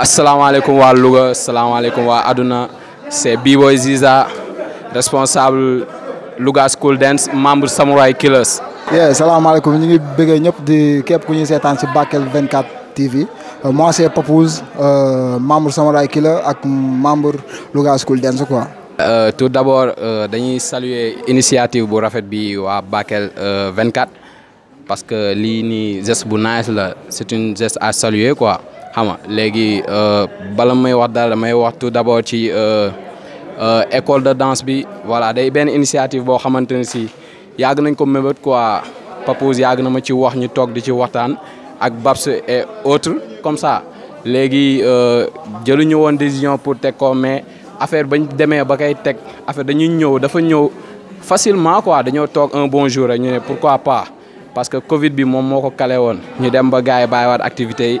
asalaamaaleykum waa Louga asalaamaaleykum waa àdduna c'est B-Boy Ziza responsable Louga School Dance membre Samurai Killers. yeah salaamaaleykum ñu ngi bëggee ñëpp di képp ku ñuy seetaan si Bakel 24 TV euh, moi c'est Papouz euh, membre Samurai Killers ak membre Louga School Dance quoi. Euh, tout d'abord dañuy saluer initiative bu rafet bi waa Bakel 24 parce que lii ni geste bu nice la c'est une geste à saluer quoi. xam nga léegi euh, bala may wax dara may waxtu tout d'abord ci euh, euh, école de danse bi voilà day benn initiative boo xamante ne si yàgg nañ ko mébét quoi Papouze yàgg na ma ci wax ñu toog di ci waxtaan ak Babs et autres comme ça léegi jëluñu woon décision pour teg ko mais affaire bañ demee ba kay teg affaire dañuy ñëw dafa ñëw facilement quoi dañoo toog un bon jour ñu ne pourquoi pas parce que Covid bi moom moo ko kale woon ñu dem ba gars yi bàyyiwaat activités yi.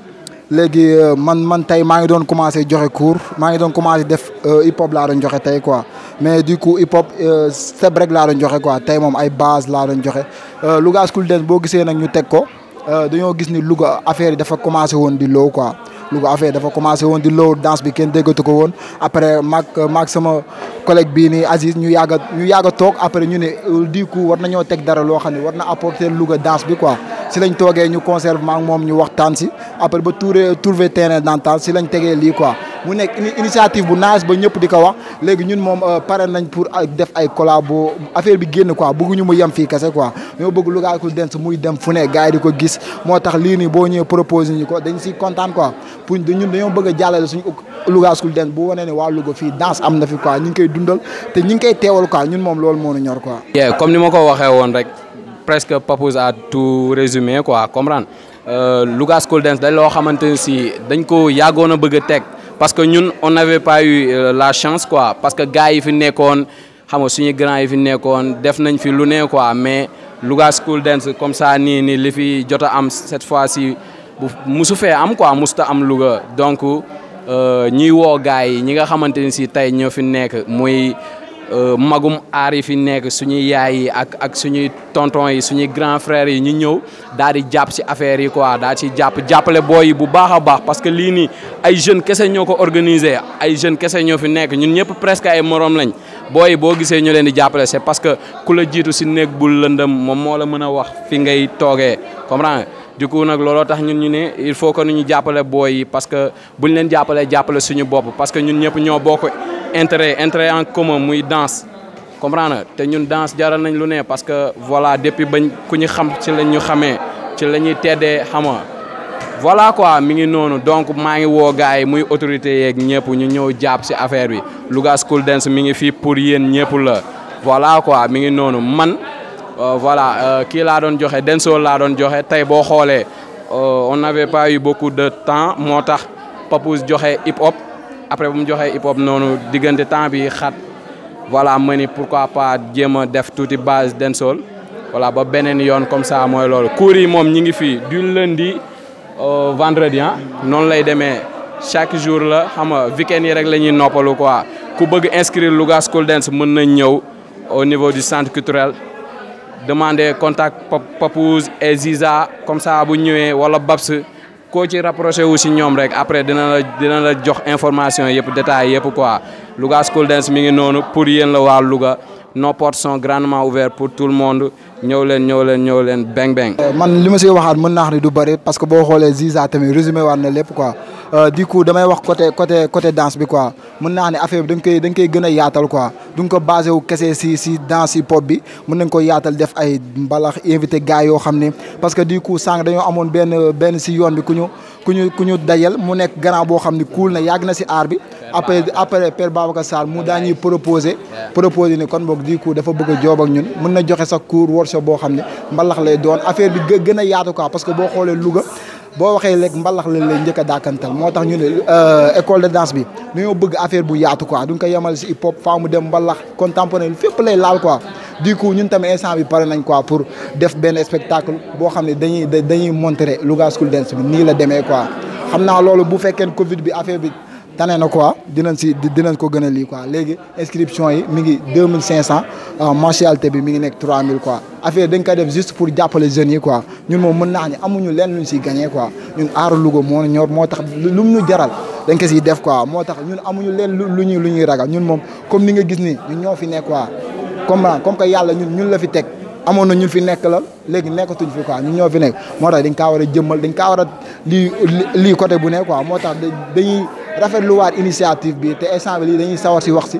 léegi euh, man man tey maa ngi doon commencé joxe cours maa ngi doon commencé def euh, hip hop laa doon joxe tey quoi mais du coup hip hop euh, step rek laa doon joxe koi tey moom ay base la doon joxe Louga School Dance boo gisee nag ñu teg ko. Euh, dañoo gis ni Louga affaire dafa commencé woon di low quoi Louga affaire dafa commencé woon di low danse bi kenn déggatu ko woon après maag maag sama collègue bii nii Aziz ñu yàgg ñu yàgg a toog après ñu ne euh, du war na ñoo teg dara loo xam ne war na apporter Louga danse bi quoi si lañ toogee ñu conserve maag moom ñu waxtaan si après ba trouver terrain d'entente si lañ tegee lii quoi mu nekk initiative bu naas ba ñëpp di ko wax léegi ñun moom euh, pare nañ pour euh, def ay collabo affaire bi génn quoi bëgguñu mu yem fii kese quoi ñoo bëgg Louga Cool Dance muy dem fu gars di ko gis moo tax lii nii boo ñëwee proposé ñu ko dañ si kontaan quoi pour ñun dañoo bëgg a jàllale suñu Louga Cool Dance bu wane ne waa Louga fii danse am na fi quoi ñu dundal te ñu ngi koy teewal quoi ñun moom loolu moo ñor quoi. yeah comme ni ma ko waxee woon rek presque Papouze a tout résumé quoi comprendre euh, Louga Cool Dance dañ loo xamante si dañ ko yàggoon a bëgg a teg. parce que ñun on n'avait pas eu euh, la chance quoi parce que gars yi fi nekkoon xam nga suñu grand yi fi nekkoon def nañ fi lu nee quoi mais Louga School Dance comme ça nii nii li fi jot am cette fois si bu musu fee am quoi musuta am Louga donc euh, ñuy woo gars yi ñi nga xamante ni si tey ñoo fi nekk muy. Euh, magum aar yi fi nekk suñu yaay yi ak ak suñuy tonton yi suñuy grand frère yi ñu ñëw daal di jàpp si affaire yi quoi daal ci jàpp jàppale booy bu baax a baax parce que lii nii ay jeunes kese ñoo ko organiser ay jeunes kese ñoo fi nekk ñun ñëpp presque ay morom lañ booy boo gisee ñu leen di jàppale c'est parce que ku la jiitu si néeg bul lëndëm moom moo la mën a wax fi ngay toogee comprends nga du nag looloo tax ñun ñu ne il faut que ñu jàppale booy yi parce que buñ leen jàppalee jàppale suñu bopp parce que ñun ñëpp ñoo bokk intérêt intérêt en commun muy danse comprendre nga te ñun danse jaral nañ lu né parce que voilà depuis bañ ku ñu xam ci lañ ñu xamé ci lañuy tédé xama voilà quoi mi ngi nonu donc ma ngi wo gaay muy autorité yeeg ñëpp ñu ñëw japp ci affaire bi Louga School Dance mi ngi fi pour yeen ñëpp la voilà quoi mi ngi nonu man euh, voilà euh, ki l'a doon joxé Denso l'a doon tay bo xolé euh, on n'avait pas eu beaucoup de temps motax tax joxé hip hop après vous mu joxee hip hop noonu de temps bi xat voilà moni pourquoi pas jéem def tuuti base sol. voilà ba benen yoon comme ça moi loolu Courir, yi moom ñi ngi du lundi au vendredi hein, non lay demee chaque jour la xam nga weekend yi rek la noppalu quoi ku bëgg inscrire Louga School Dance mon nañ ñëw au niveau du centre culturel demander contact Papouze et Ziza comme ça bu ñëwee wala Babs koo ci rapproché wu si ñoom rek après dina la dina la jox information yëpp détails yëpp quoi luga School Dance mi ngi noonu pour yéen la waa Louga nos portes sont grandement ouvertes pour tout le monde ñëw leen ñëw leen ñëw leen beng beng. Euh, man li ma si waxaat mën naa wax ne du bëri parce que boo xoolee Ziza tamit résumé waat na lépp quoi euh, du damay wax côté côté côté danse bi quoi. mën naa ne affaire bi dañ koy dañ koy gën a yaatal quoi duñ ko basé wu kese si si danse hip hop bi mën nañ ko yaatal def ay mbalax invité gars yoo xam ne parce que di coup sànq dañoo amoon benn benn si yoon bi ku ñu ku ñu ku ñu dajal mu nekk gannaaw boo xam ne cool na yàgg na si aar bi après après Père Babacar Sarr mu daañuy proposé proposé ni kon boog du coup dafa bëgg a joob ak ñun mën na joxe sax cours workshop boo xam ne mbalax lay doon affaire bi gën a yaatu ko parce que boo xoolee Louga boo waxee léegi mbalax lañ lay njëkk a dàkkantal moo tax ñu ne euh, école de danse bi dañoo bëgg affaire bu yaatu quoi duñ ko yemal si hip hop faa mu dem mbalax contemporain lu fépp lay laal quoi du coup ñun tamit instant bi pare nañ quoi pour def benn spectacle boo xam ne dañuy dañuy montrer Louga School Dance bi nii la demee quoi xam naa loolu bu fekkee Covid bi affaire bi tane na quoi dinañ ci dinañ ko gënal li quoi légui inscription yi mi ngi 2500 mille cinq ah, mensualité bi mi ngi nek 3000 quoi affaire dañ ko def juste pour jàppale jeune yi quoi ñun mom mën naa ne amuñu lenn luñ ci gagner quoi ñun aaru Louga moo ñor moo tax lu ñu jaral dañ ko ci def quoi moo tax ñun amuñu lenn lu ñuy lu ñuy ragal ñun mom comme ni nga gis ni ñun ñoo fi nekk quoi comprendre ah, comme que yalla ñun ñun la fi tek amono ñu fi nek la légui nekatuñ fi quoi ñun ñoo fi nek motax dañ ka wara a jëmmal dañ ka wara li li côté bu ne quoi motax tax dañuy rafetluwaat initiative bi te instant bi lii dañuy sawar si wax si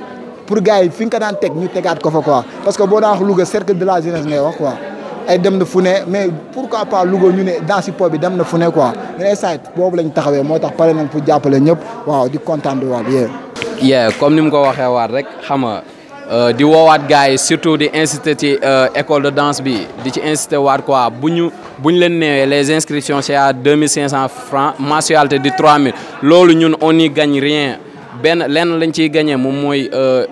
pour gars yi fi nga ko daan teg ñu tegaat ko fa quoi parce que boo daan wax Louga cercle de la jeunesse ngay wax quoi ay dem na fu ne mais pourquoi pas Louga ñu ne dans si po bi dem na fu ne quoi ñu ne site boobu lañ taxawee moo tax pare nañ pour jàppale ñëpp waaw di kontaan di waat yéen. yeah comme ni mu ko waxee waat rek xam nga euh, di woowaat gars yi surtout di inciter ci euh, école de danse bi di ci inciter waat quoi bu ñu bu leen neewee les inscriptions c'est à deux mille cinq cents francs mensualité di trois mille loolu ñun on n'y gagne rien. benn lenn lañ ciy gañee moom mooy euh,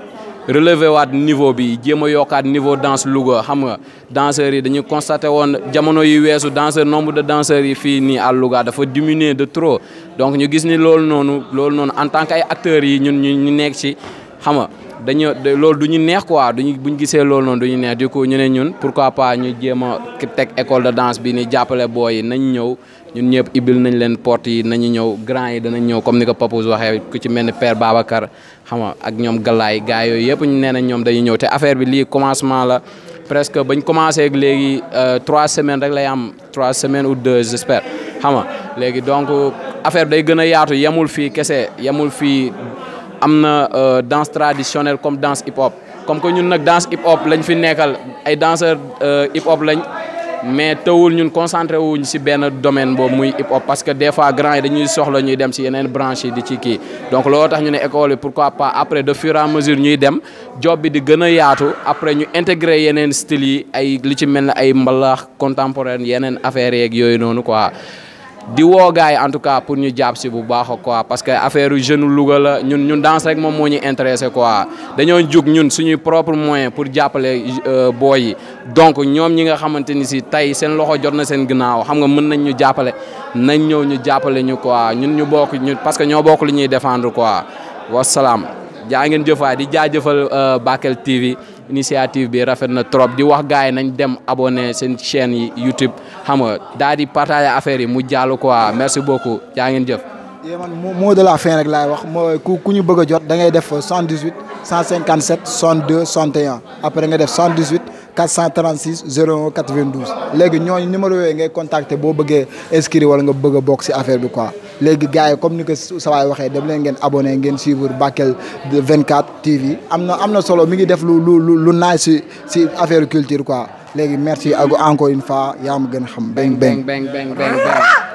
relever waat niveau bi jéem a yokkaat niveau danse Louga xam nga danseurs yi dañu constaté woon jamono yi weesu danseur nombre de danseurs yi fii nii à Louga dafa diminuer de trop donc ñu gis ni loolu noonu loolu noonu en tant que ay acteurs yi ñun ñu ñu nekk ci xam nga dañu loolu du ñu neex quoi duñu bu ñu gisee loolu noonu du ñu neex du ko ñu ne ñun pourquoi pas ñu jéem a teg école de danse bi ni jàppale booy yi nañ ñëw ñun ñëpp ibil nañ leen porte yi nañu ñëw grand yi danañ ñëw comme ni ko Papouz waxee ku ci mel ni père Babacar xam nga ak ñoom Galaay gars yooyu yëpp ñu nee ñoom dañuy ñëw te affaire bi lii commencement la presque bañ commencé ak léegi euh, trois semaines rek lay am trois semaines ou deux j'espère xam nga léegi donc affaire bi day gën a yaatu yemul fii kese yamul fii am na euh, danse traditionnelle comme danse hip hop comme que ñun nag danse hip hop lañ fi nekkal ay danseurs euh, hip hop mais tawul ñun concentré wuñ ci ben domaine bobu muy hip hop parce que des fois grand yi dañuy soxla ñuy dem si yeneen branche yi di ci kii donc loolu tax ñu ne école yi pourquoi pas après de fur et à mesure ñuy dem job bi di gën a yaatu après ñu intégré yeneen style yi ay li ci mel ne ay mbalax contemporaine yeneen affaires yeeg yooyu noonu quoi di woo gars yi en tout cas pour ñu jàpp si bu baax quoi parce que affaire jeune Louga la ñun ñun danse rek moom moo ñu intéressé quoi dañoo jug ñun suñuy propre moyen pour jàppale euh, booy yi donc ñoom ñi nga xamante ni si tey seen loxo jot na seen ginnaaw xam nga mën nañ ñu jàppale nañ ñëw ñu jàppale ñu quoi ñun ñu bokk ñun parce que ñoo bokk li ñuy défendre quoi wasalaam jaa ngeen jëf waay di jaajëfal euh, Bakel TV initiative bi rafet na trop di wax gars yi nañ dem abonné seen chaîne yi YouTube xam nga daal di partager affaire yi mu jàll quoi merci beaucoup jaa ngeen jëf. yéen man mot de la fin rek laay wax ku ku ñu bëgg a jot da ngay def 118. 157 102 61 après nga def 118 436 01 92 léegi numéro yooyu ngay contacter boo bëggee inscrire wala nga bëgg a bokk ci affaire bi quoi les gars comme ni ko sawaay vous dem leen ngeen abonné ngeen suivre Bakel 24 TV am na solo mi ngi def lu lu lu naaj ci ci affaire culture quoi léegi merci encore une fois yaa ma bang xam. bang beng beng beng beng